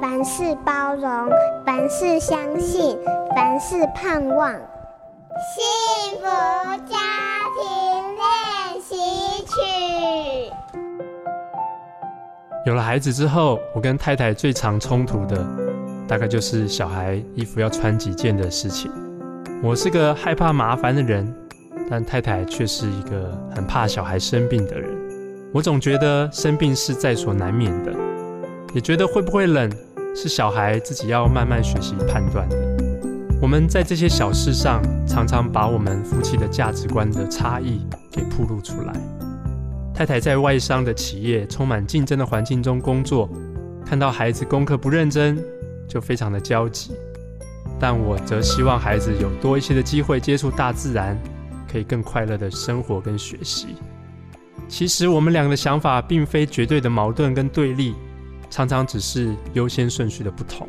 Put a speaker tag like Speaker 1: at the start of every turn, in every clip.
Speaker 1: 凡事包容，凡事相信，
Speaker 2: 凡事盼望。
Speaker 1: 幸福家庭練習曲。
Speaker 2: 有了孩子之後，我跟太太最常衝突的，大概就是小孩衣服要穿幾件的事情。我是個害怕麻煩的人，但太太卻是一個很怕小孩生病的人。我總覺得生病是在所難免的。也覺得會不會冷，是小孩自己要慢慢學習判斷的。我們在這些小事上，常常把我們夫妻的價值觀的差異給暴露出來。太太在外商的企業，充滿競爭的環境中工作，看到孩子功課不認真，就非常的焦急。但我則希望孩子有多一些的機會接觸大自然，可以更快樂的生活跟學習。其實我們兩個的想法，並非絕對的矛盾跟對立。常常只是優先順序的不同。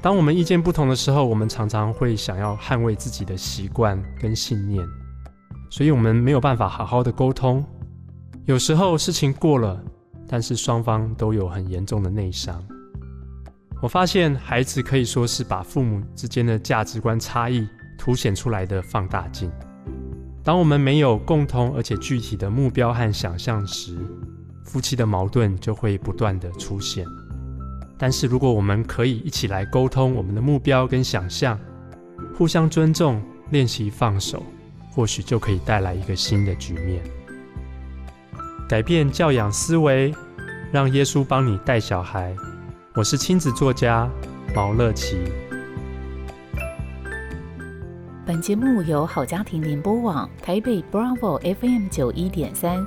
Speaker 2: 當我們意見不同的時候，我們常常會想要捍衛自己的習慣跟信念，所以我們沒有辦法好好的溝通。有時候事情過了，但是雙方都有很嚴重的內傷。我發現孩子可以說是把父母之間的價值觀差異凸顯出來的放大鏡。當我們沒有共同而且具體的目標和想象時，夫妻的矛盾就會不斷的出現，但是如果我們可以一起來溝通我們的目標跟想象，互相尊重，練習放手，或許就可以帶來一個新的局面。改變教養思維，讓耶穌幫你帶小孩。我是親子作家毛樂祈。
Speaker 1: 本節目由好家庭聯播網台北 Bravo FM 九一點三。